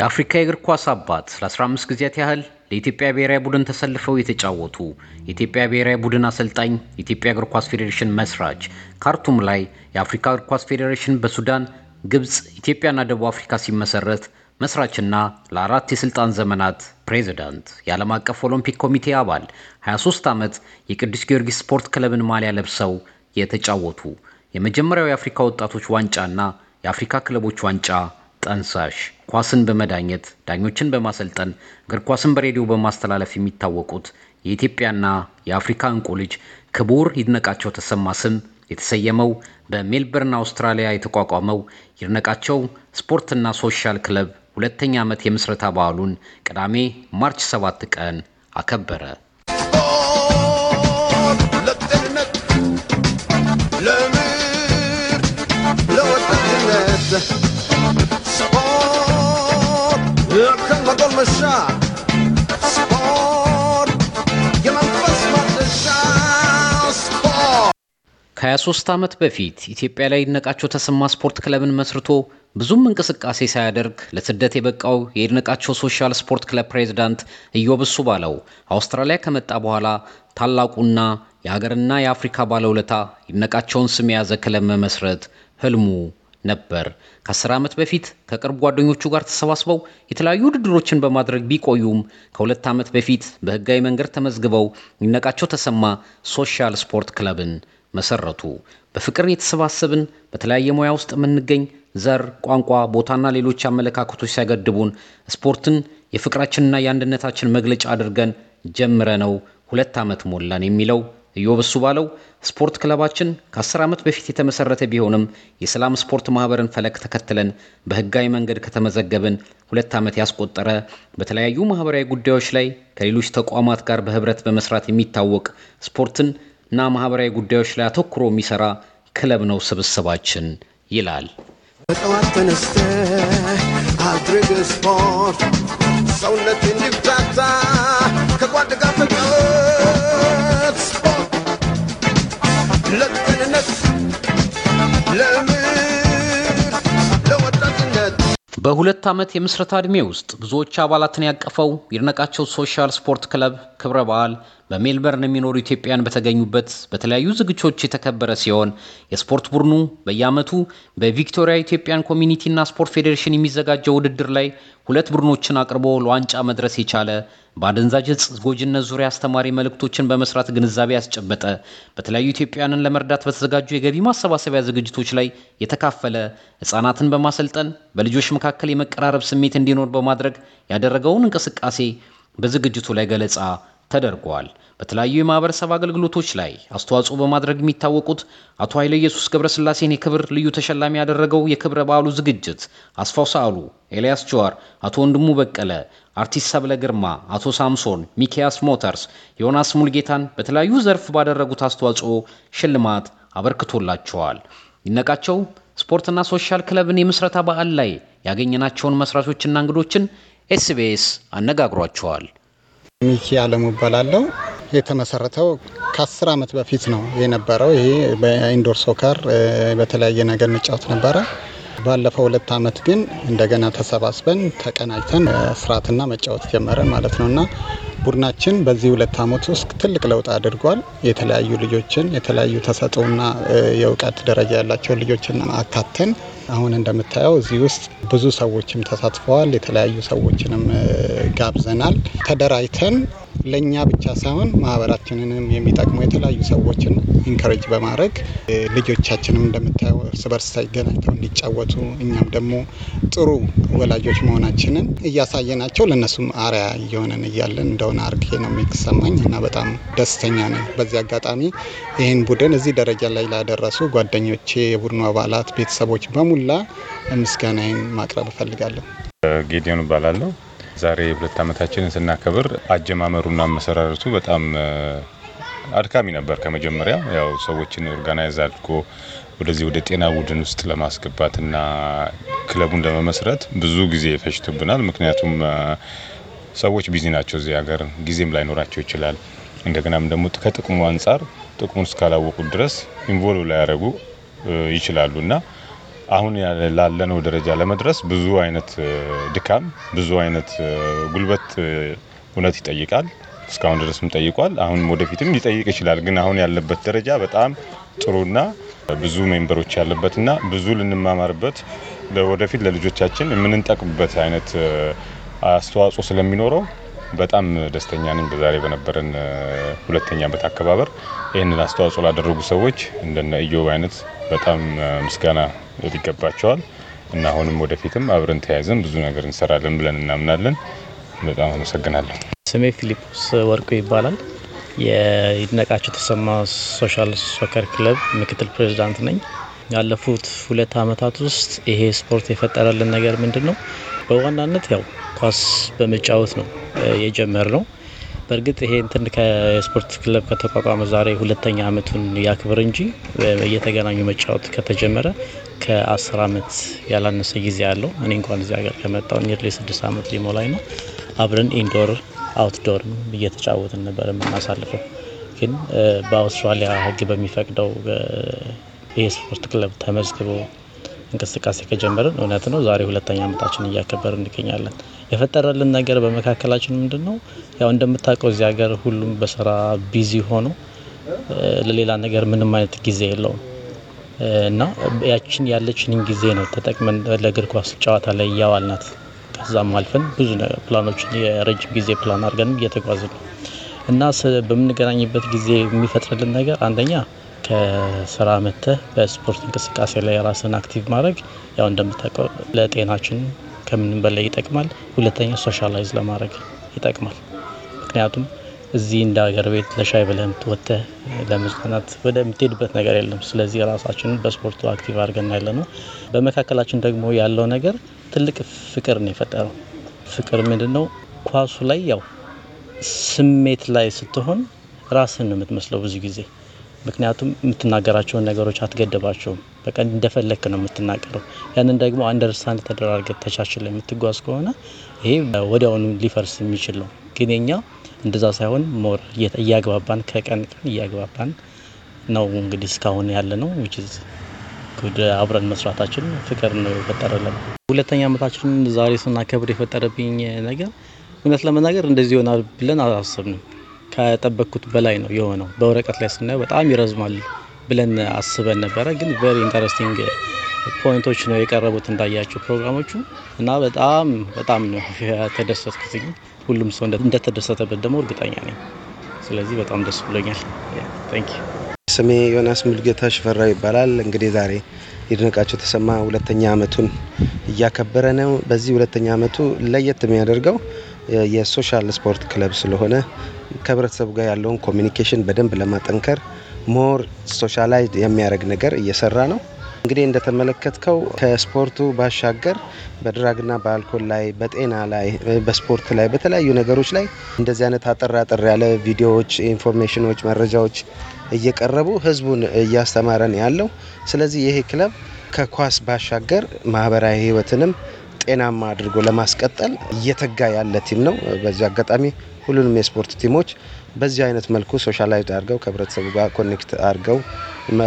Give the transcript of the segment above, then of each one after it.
የአፍሪካ የእግር ኳስ አባት ለ15 ጊዜያት ያህል ለኢትዮጵያ ብሔራዊ ቡድን ተሰልፈው የተጫወቱ የኢትዮጵያ ብሔራዊ ቡድን አሰልጣኝ፣ የኢትዮጵያ እግር ኳስ ፌዴሬሽን መስራች፣ ካርቱም ላይ የአፍሪካ እግር ኳስ ፌዴሬሽን በሱዳን፣ ግብፅ፣ ኢትዮጵያና ደቡብ አፍሪካ ሲመሰረት መስራችና ለአራት የስልጣን ዘመናት ፕሬዚዳንት የዓለም አቀፍ ኦሎምፒክ ኮሚቴ አባል፣ 23 ዓመት የቅዱስ ጊዮርጊስ ስፖርት ክለብን ማሊያ ለብሰው የተጫወቱ የመጀመሪያው የአፍሪካ ወጣቶች ዋንጫና የአፍሪካ ክለቦች ዋንጫ ጠንሳሽ ኳስን በመዳኘት ዳኞችን በማሰልጠን እግር ኳስን በሬዲዮ በማስተላለፍ የሚታወቁት የኢትዮጵያና የአፍሪካ እንቁ ልጅ ክቡር ይድነቃቸው ተሰማ ስም የተሰየመው በሜልበርን አውስትራሊያ የተቋቋመው ይድነቃቸው ስፖርትና ሶሻል ክለብ ሁለተኛ ዓመት የምስረታ በዓሉን ቅዳሜ ማርች 7 ቀን አከበረ። ለወጣትነት ጎልመሻ ስፖርት ከ23 ዓመት በፊት ኢትዮጵያ ላይ ይድነቃቸው ተሰማ ስፖርት ክለብን መስርቶ ብዙም እንቅስቃሴ ሳያደርግ ለስደት የበቃው የይድነቃቸው ሶሻል ስፖርት ክለብ ፕሬዝዳንት እዮብሱ ባለው አውስትራሊያ ከመጣ በኋላ ታላቁና የሀገርና የአፍሪካ ባለውለታ ይድነቃቸውን ስም የያዘ ክለብ መመስረት ህልሙ ነበር። ከአስር ዓመት በፊት ከቅርብ ጓደኞቹ ጋር ተሰባስበው የተለያዩ ውድድሮችን በማድረግ ቢቆዩም ከሁለት ዓመት በፊት በህጋዊ መንገድ ተመዝግበው ይነቃቸው ተሰማ ሶሻል ስፖርት ክለብን መሰረቱ። በፍቅር የተሰባሰብን በተለያየ ሙያ ውስጥ የምንገኝ ዘር፣ ቋንቋ፣ ቦታና ሌሎች አመለካከቶች ሳይገድቡን ስፖርትን የፍቅራችንና የአንድነታችን መግለጫ አድርገን ጀምረ ነው ሁለት ዓመት ሞላን የሚለው ኢዮብ እሱ ባለው ስፖርት ክለባችን ከ10 ዓመት በፊት የተመሰረተ ቢሆንም የሰላም ስፖርት ማህበርን ፈለግ ተከትለን በህጋዊ መንገድ ከተመዘገብን ሁለት ዓመት ያስቆጠረ በተለያዩ ማህበራዊ ጉዳዮች ላይ ከሌሎች ተቋማት ጋር በህብረት በመስራት የሚታወቅ ስፖርትን እና ማህበራዊ ጉዳዮች ላይ አተኩሮ የሚሰራ ክለብ ነው ስብስባችን ይላል። በጠዋት ተነስተ አድርግ ስፖርት ሰውነት እንዲፍታታ ከጓድ ጋር በሁለት ዓመት የምስረታ ዕድሜ ውስጥ ብዙዎች አባላትን ያቀፈው ይድነቃቸው ሶሻል ስፖርት ክለብ ክብረ በዓል በሜልበርን የሚኖሩ ኢትዮጵያን በተገኙበት በተለያዩ ዝግጆች የተከበረ ሲሆን የስፖርት ቡድኑ በየዓመቱ በቪክቶሪያ ኢትዮጵያን ኮሚኒቲና ስፖርት ፌዴሬሽን የሚዘጋጀው ውድድር ላይ ሁለት ቡድኖችን አቅርቦ ለዋንጫ መድረስ የቻለ በአደንዛዥ እጽ ጎጂነት ዙሪያ አስተማሪ መልእክቶችን በመስራት ግንዛቤ ያስጨበጠ፣ በተለያዩ ኢትዮጵያውያንን ለመርዳት በተዘጋጁ የገቢ ማሰባሰቢያ ዝግጅቶች ላይ የተካፈለ፣ ሕፃናትን በማሰልጠን በልጆች መካከል የመቀራረብ ስሜት እንዲኖር በማድረግ ያደረገውን እንቅስቃሴ በዝግጅቱ ላይ ገለጻ ተደርጓል በተለያዩ የማህበረሰብ አገልግሎቶች ላይ አስተዋጽኦ በማድረግ የሚታወቁት አቶ ኃይለ ኢየሱስ ገብረስላሴን የክብር ልዩ ተሸላሚ ያደረገው የክብረ በዓሉ ዝግጅት አስፋው ሳአሉ፣ ኤልያስ ጀዋር፣ አቶ ወንድሙ በቀለ፣ አርቲስት ሰብለ ግርማ፣ አቶ ሳምሶን፣ ሚኪያስ ሞተርስ፣ ዮናስ ሙልጌታን በተለያዩ ዘርፍ ባደረጉት አስተዋጽኦ ሽልማት አበርክቶላቸዋል። ይነቃቸው ስፖርትና ሶሻል ክለብን የምስረታ በዓል ላይ ያገኘናቸውን መስራቾችና እንግዶችን ኤስቢኤስ አነጋግሯቸዋል። ሚኪ አለሙ እባላለሁ። የተመሰረተው ከአስር አመት በፊት ነው የነበረው። ይሄ በኢንዶር ሶከር በተለያየ ነገር እንጫወት ነበረ። ባለፈው ሁለት አመት ግን እንደገና ተሰባስበን ተቀናጅተን ስርዓትና መጫወት ጀመረን ማለት ነው እና ቡድናችን በዚህ ሁለት ዓመት ውስጥ ትልቅ ለውጥ አድርጓል። የተለያዩ ልጆችን የተለያዩ ተሰጥኦና የእውቀት ደረጃ ያላቸውን ልጆችን አካተን አሁን እንደምታየው እዚህ ውስጥ ብዙ ሰዎችም ተሳትፈዋል። የተለያዩ ሰዎችንም ጋብዘናል። ተደራጅተን ለእኛ ብቻ ሳይሆን ማህበራችንንም የሚጠቅሙ የተለያዩ ሰዎችን ኢንከሬጅ በማድረግ ልጆቻችንም እንደምታየው እርስ በርስ ተገናኝተው እንዲጫወቱ እኛም ደግሞ ጥሩ ወላጆች መሆናችንን እያሳየናቸው ለእነሱም አርያ እየሆነን እያለን እንደሆነ አርጌ ነው የሚሰማኝ እና በጣም ደስተኛ ነኝ። በዚህ አጋጣሚ ይህን ቡድን እዚህ ደረጃ ላይ ላደረሱ ጓደኞቼ፣ የቡድኑ አባላት፣ ቤተሰቦች በሙላ ምስጋናዬን ማቅረብ እፈልጋለሁ። ጌዲዮን እባላለሁ። ዛሬ ሁለት ዓመታችንን ስናከብር አጀማመሩና መሰራረቱ በጣም አድካሚ ነበር። ከመጀመሪያ ያው ሰዎችን ኦርጋናይዝ አድርጎ ወደዚህ ወደ ጤና ቡድን ውስጥ ለማስገባትና ክለቡን ለመመስረት ብዙ ጊዜ ፈጅቶብናል። ምክንያቱም ሰዎች ቢዚ ናቸው፣ እዚህ ሀገር ጊዜም ላይኖራቸው ይችላል። እንደገናም ደግሞ ከጥቅሙ አንጻር ጥቅሙን እስካላወቁት ድረስ ኢንቮልቭ ላያደርጉ ይችላሉ እና አሁን ላለነው ደረጃ ለመድረስ ብዙ አይነት ድካም፣ ብዙ አይነት ጉልበት እውነት ይጠይቃል። እስካሁን ድረስም ጠይቋል። አሁን ወደፊትም ሊጠይቅ ይችላል። ግን አሁን ያለበት ደረጃ በጣም ጥሩና ብዙ ሜምበሮች ያለበትና ብዙ ልንማማርበት ወደፊት ለልጆቻችን የምንጠቅምበት አይነት አስተዋጽኦ ስለሚኖረው በጣም ደስተኛ ነኝ። በዛሬ በነበረን ሁለተኛ ዓመት አከባበር ይህንን አስተዋጽኦ ላደረጉ ሰዎች እንደነ ኢዮብ አይነት በጣም ምስጋና ሊያደርጉት ይገባቸዋል እና አሁንም ወደፊትም አብረን ተያይዘን ብዙ ነገር እንሰራለን ብለን እናምናለን። በጣም አመሰግናለሁ። ስሜ ፊሊፖስ ወርቁ ይባላል። የይድነቃቸው ተሰማ ሶሻል ሶከር ክለብ ምክትል ፕሬዚዳንት ነኝ። ያለፉት ሁለት ዓመታት ውስጥ ይሄ ስፖርት የፈጠረልን ነገር ምንድን ነው? በዋናነት ያው ኳስ በመጫወት ነው የጀመር ነው። በእርግጥ ይሄ እንትን ከስፖርት ክለብ ከተቋቋመ ዛሬ ሁለተኛ ዓመቱን ያክብር እንጂ እየተገናኙ መጫወት ከተጀመረ ከ10 ዓመት ያላነሰ ጊዜ አለው። እኔ እንኳን እዚህ ሀገር ከመጣሁ ኒርሊ 6 ዓመት ሊሞላኝ ነው። አብረን ኢንዶር አውትዶር እየተጫወትን ነበር የምናሳልፈው። ግን በአውስትራሊያ ህግ በሚፈቅደው የስፖርት ክለብ ተመዝግቦ እንቅስቃሴ ከጀመርን እውነት ነው ዛሬ ሁለተኛ አመታችን እያከበር እንገኛለን። የፈጠረልን ነገር በመካከላችን ምንድን ነው? ያው እንደምታውቀው እዚህ ሀገር ሁሉም በስራ ቢዚ ሆኖ ለሌላ ነገር ምንም አይነት ጊዜ የለውም። እና ያችን ያለችንን ጊዜ ነው ተጠቅመን ለእግር ኳስ ጨዋታ ላይ እያዋልናት ከዛም አልፈን ብዙ ፕላኖችን የረጅም ጊዜ ፕላን አድርገንም እየተጓዝ ነው እና በምንገናኝበት ጊዜ የሚፈጥርልን ነገር አንደኛ ከስራ መጥተህ በስፖርት እንቅስቃሴ ላይ ራስን አክቲቭ ማድረግ ያው እንደምታውቀው ለጤናችን ከምንም በላይ ይጠቅማል። ሁለተኛ ሶሻላይዝ ለማድረግ ይጠቅማል። ምክንያቱም እዚህ እንደ ሀገር ቤት ለሻይ ብለህም ወተ ለመዝናናት ወደምትሄድበት ነገር የለም። ስለዚህ ራሳችን በስፖርቱ አክቲቭ አድርገን ያለ ነው። በመካከላችን ደግሞ ያለው ነገር ትልቅ ፍቅር ነው የፈጠረው። ፍቅር ምንድን ነው? ኳሱ ላይ ያው ስሜት ላይ ስትሆን ራስን ነው የምትመስለው ብዙ ጊዜ ምክንያቱም የምትናገራቸውን ነገሮች አትገደባቸውም። በቃ እንደፈለክ ነው የምትናገረው። ያንን ደግሞ አንደርስታንድ ተደራርገ ተቻችለ የምትጓዝ ከሆነ ይሄ ወዲያውኑ ሊፈርስ የሚችል ነው ግን እንደዛ ሳይሆን ሞር እያግባባን ከቀን ቀን እያግባባን ነው እንግዲህ እስካሁን ያለ ነው ዊችዝ ጉድ አብረን መስራታችን ፍቅር ነው የፈጠረለን። ሁለተኛ ዓመታችን ዛሬ ስናከብር የፈጠረብኝ ነገር እውነት ለመናገር እንደዚህ ይሆናል ብለን አላሰብንም። ከጠበቅኩት በላይ ነው የሆነው። በወረቀት ላይ ስናየው በጣም ይረዝማል ብለን አስበን ነበረ፣ ግን ቨሪ ኢንተረስቲንግ ፖይንቶች ነው የቀረቡት እንዳያቸው ፕሮግራሞቹ እና በጣም በጣም ነው የተደሰትኩት። ሁሉም ሰው እንደተደሰተበት ደግሞ እርግጠኛ ነኝ። ስለዚህ በጣም ደስ ብሎኛል። ስሜ ዮናስ ሙልጌታ ሽፈራው ይባላል። እንግዲህ ዛሬ ይድነቃቸው ተሰማ ሁለተኛ አመቱን እያከበረ ነው። በዚህ ሁለተኛ አመቱ ለየት የሚያደርገው የሶሻል ስፖርት ክለብ ስለሆነ ከህብረተሰቡ ጋር ያለውን ኮሚኒኬሽን በደንብ ለማጠንከር ሞር ሶሻላይዝ የሚያደርግ ነገር እየሰራ ነው። እንግዲህ እንደተመለከትከው ከስፖርቱ ባሻገር በድራግና በአልኮል ላይ በጤና ላይ በስፖርት ላይ በተለያዩ ነገሮች ላይ እንደዚህ አይነት አጠር አጠር ያለ ቪዲዮዎች፣ ኢንፎርሜሽኖች፣ መረጃዎች እየቀረቡ ህዝቡን እያስተማረን ያለው። ስለዚህ ይሄ ክለብ ከኳስ ባሻገር ማህበራዊ ህይወትንም ጤናማ አድርጎ ለማስቀጠል እየተጋ ያለ ቲም ነው። በዚህ አጋጣሚ ሁሉንም የስፖርት ቲሞች በዚህ አይነት መልኩ ሶሻላይዝ አድርገው ከህብረተሰቡ ጋር ኮኔክት አድርገው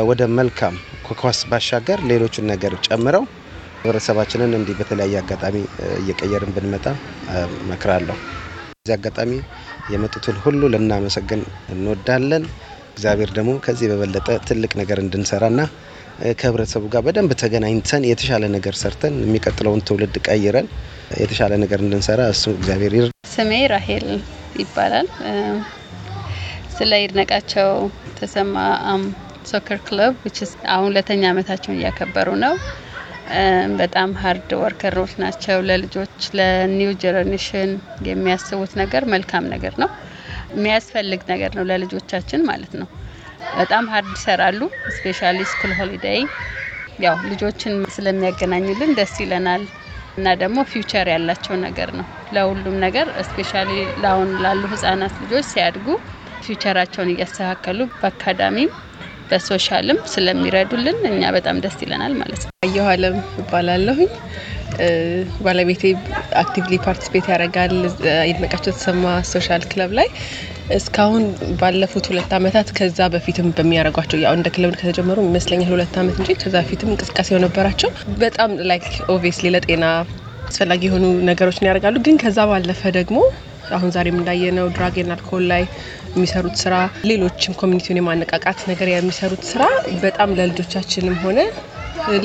ወደ መልካም ከኳስ ባሻገር ሌሎችን ነገር ጨምረው ህብረተሰባችንን እንዲህ በተለያየ አጋጣሚ እየቀየርን ብንመጣ መክራለሁ። እዚህ አጋጣሚ የመጡትን ሁሉ ልናመሰግን እንወዳለን። እግዚአብሔር ደግሞ ከዚህ በበለጠ ትልቅ ነገር እንድንሰራና ከህብረተሰቡ ጋር በደንብ ተገናኝተን የተሻለ ነገር ሰርተን የሚቀጥለውን ትውልድ ቀይረን የተሻለ ነገር እንድንሰራ እሱ እግዚአብሔር ይር ስሜ ራሄል ይባላል። ስለ ይድነቃቸው ተሰማ ሶከር ክለብ አሁን ሁለተኛ ዓመታቸውን እያከበሩ ነው። በጣም ሀርድ ወርከሮች ናቸው። ለልጆች ለኒው ጀነሬሽን የሚያስቡት ነገር መልካም ነገር ነው፣ የሚያስፈልግ ነገር ነው ለልጆቻችን ማለት ነው። በጣም ሀርድ ይሰራሉ። ስፔሻሊ ስኩል ሆሊዴይ ያው ልጆችን ስለሚያገናኝልን ደስ ይለናል እና ደግሞ ፊውቸር ያላቸው ነገር ነው ለሁሉም ነገር ስፔሻሊ ለአሁን ላሉ ህጻናት ልጆች ሲያድጉ ፊውቸራቸውን እያስተካከሉ በአካዳሚም በሶሻልም ስለሚረዱልን እኛ በጣም ደስ ይለናል ማለት ነው። አየሁ አለም እባላለሁኝ። ባለቤቴ አክቲቭሊ ፓርቲስፔት ያደርጋል የድመቃቸው የተሰማ ሶሻል ክለብ ላይ እስካሁን ባለፉት ሁለት አመታት ከዛ በፊትም በሚያደርጓቸው ያው እንደ ክለብ ከተጀመሩ ይመስለኛል ሁለት አመት እንጂ ከዛ በፊትም እንቅስቃሴ ነበራቸው። በጣም ላይክ ኦብቪየስሊ ለጤና አስፈላጊ የሆኑ ነገሮችን ያደርጋሉ። ግን ከዛ ባለፈ ደግሞ አሁን ዛሬም እንዳየነው ድራግ ኤንድ አልኮል ላይ የሚሰሩት ስራ፣ ሌሎችም ኮሚኒቲውን የማነቃቃት ነገር የሚሰሩት ስራ በጣም ለልጆቻችንም ሆነ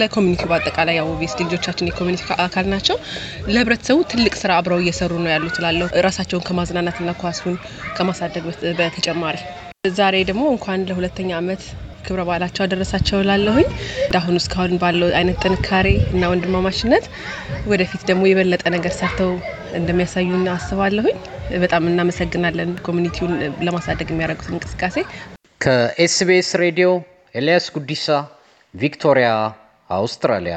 ለኮሚኒቲ በአጠቃላይ ያው ቤስ ልጆቻችን የኮሚኒቲ አካል ናቸው። ለህብረተሰቡ ትልቅ ስራ አብረው እየሰሩ ነው ያሉ ትላለሁ። ራሳቸውን ከማዝናናትና ኳሱን ከማሳደግ በተጨማሪ ዛሬ ደግሞ እንኳን ለሁለተኛ ዓመት ክብረ በዓላቸው አደረሳቸው ላለሁኝ አሁን እስካሁን ባለው አይነት ጥንካሬ እና ወንድማማችነት ወደፊት ደግሞ የበለጠ ነገር ሰርተው እንደሚያሳዩና አስባለሁኝ። በጣም እናመሰግናለን ኮሚኒቲውን ለማሳደግ የሚያደርጉት እንቅስቃሴ። ከኤስቢኤስ ሬዲዮ ኤልያስ ጉዲሳ፣ ቪክቶሪያ፣ አውስትራሊያ